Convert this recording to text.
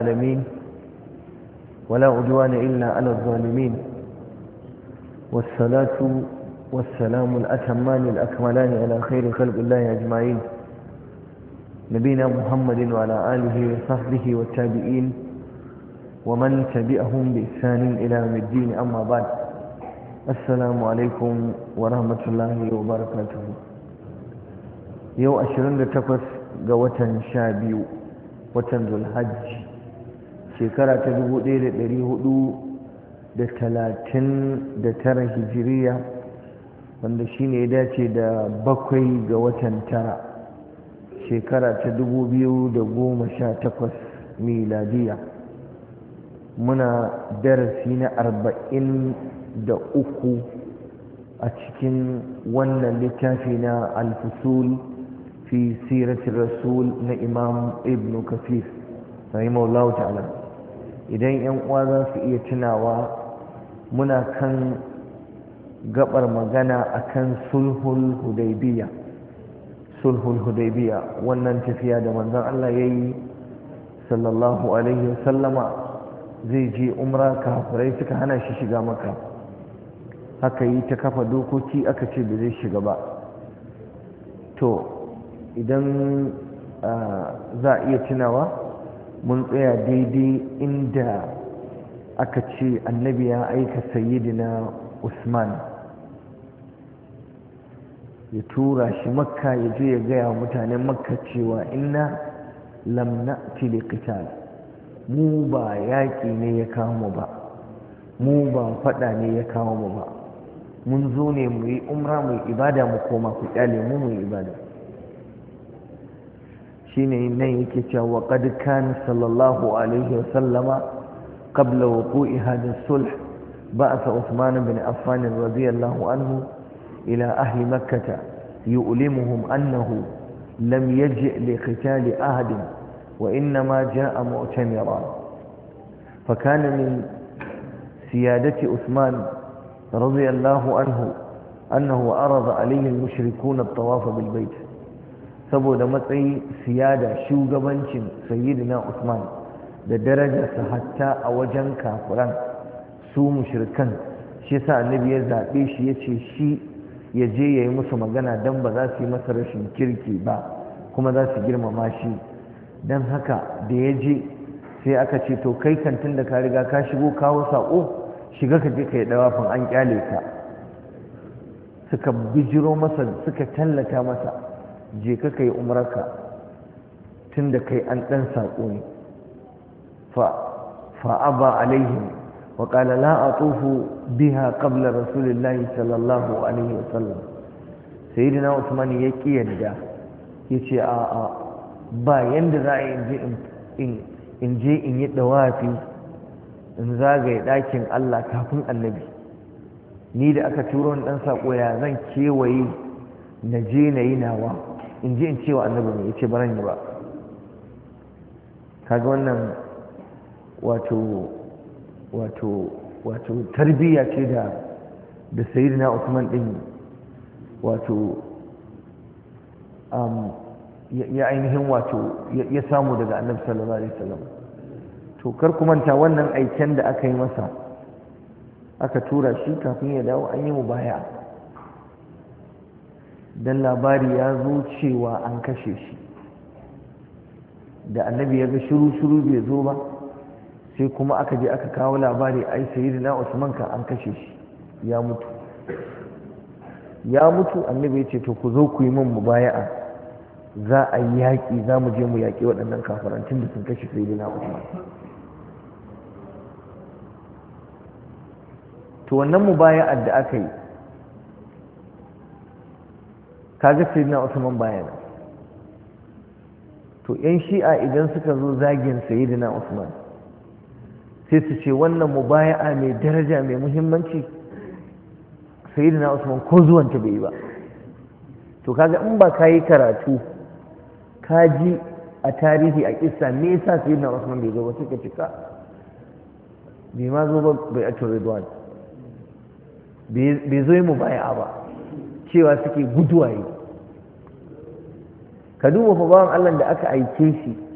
العالمين ولا عدوان إلا على الظالمين والصلاة والسلام الأتمان الأكملان على خير خلق الله أجمعين نبينا محمد وعلى آله وصحبه والتابعين ومن تبعهم بإحسان إلى يوم الدين أما بعد السلام عليكم ورحمة الله وبركاته يوم 28 ga watan 12 watan Dhul Hajj shekara ta 1439 hijiriya wanda shi ne ya dace da bakwai ga watan tara shekara ta 2018 miladiya muna darasi na 43 a cikin wannan littafi na alfusul fi siratul rasul na imam ibn kafir rahimahullahu ta'ala idan 'yan uwa za su iya tunawa muna kan gabar magana akan sulhul hudaybiya sulhul hudaybiya wannan tafiya da manzon Allah ya yi sallallahu alaihi wasallama zai je umra kafirai suka hana shi shiga maka haka yi ta kafa dokoki aka ce da zai shiga ba to idan ah, za a iya tunawa mun tsaya daidai inda aka ce annabi ya aika sayidina usman ya tura shi makka ya je ya gaya wa mutanen makka cewa inna lamna na'ti mu ba yaƙi ne ya kawo mu ba mu ba faɗa ne ya kawo mu ba mun zo ne mu yi umra mu ibada mu koma ku kyale mu mu yi ibada shine nan yake cewa qad kana sallallahu alaihi wa sallama qabla wuqu'i hadha sulh ba'atha Uthman bin Affan radiyallahu anhu ila ahli Makkah yu'limuhum annahu lam yaji' li qital ahad wa inma jaa'a mu'tamira fa kana min siyadati Uthman radiyallahu anhu annahu arada alayhi al-mushrikun at-tawaf bil bayt saboda matsayi siyada shugabancin sayyidina usman da darajarsa hatta a wajen kafuran su mushrikan shi yasa annabi ya zaɓe shi ya ce shi ya je ya yi musu magana don ba za su yi masa rashin kirki ba kuma za su girmama shi don haka da ya je sai aka ce to kai kantin da ka riga ka shigo kawo saƙo shiga ka je ka yi dawafin an kyale ka suka bijiro masa suka tallata masa je ka kai umarka tun da kai an ɗan saƙo ne fa'aba alaihim wa ƙala biya biha qabla rasulillahi sallallahu alaihi wasallam sayyidina usman ya ƙi yadda ya ce a'a ba yanda za a in je in yi ɗawafi in zagaye ɗakin Allah kafin annabi ni da aka turo ni ɗan saƙo ya zan kewaye na je na yi nawa in ji in ce wa annabi mai yace baran yi ba kaga wannan wato wato wato tarbiyya ce da da sayyidina Usman din wato um, ya ainihin wato ya samu daga annabi sallallahu alaihi wasallam to kar ku manta wannan aiken da aka yi masa aka tura shi kafin ya dawo an yi mu baya don labari ya zo cewa an kashe shi da annabi ya ga shiru-shiru bai zo ba sai kuma aka je aka kawo labari ai sayyidina usman ka an kashe shi ya mutu ya mutu annabi ya ce to ku zo ku yi min mubaya'a za a yi yaƙi za mu je mu yaƙi waɗannan kafarantun da sun kashe sayyidina usman to wannan mubaya'a da aka yi kaga sayyidina usman baya nan to yan shi'a idan suka zo zagin sayyidina usman sai su ce wannan mubaya'a mai daraja mai muhimmanci sayyidina usman ko zuwanta bai yi ba to kaga in ba ka yi karatu ka ji a tarihi a kissa me yasa sayyidina usman bai zo ba suka cika bai ma zo ba bai a bai zo yi mubaya'a ba cewa suke guduwaye ka duba fa bawan Allah da aka aike shi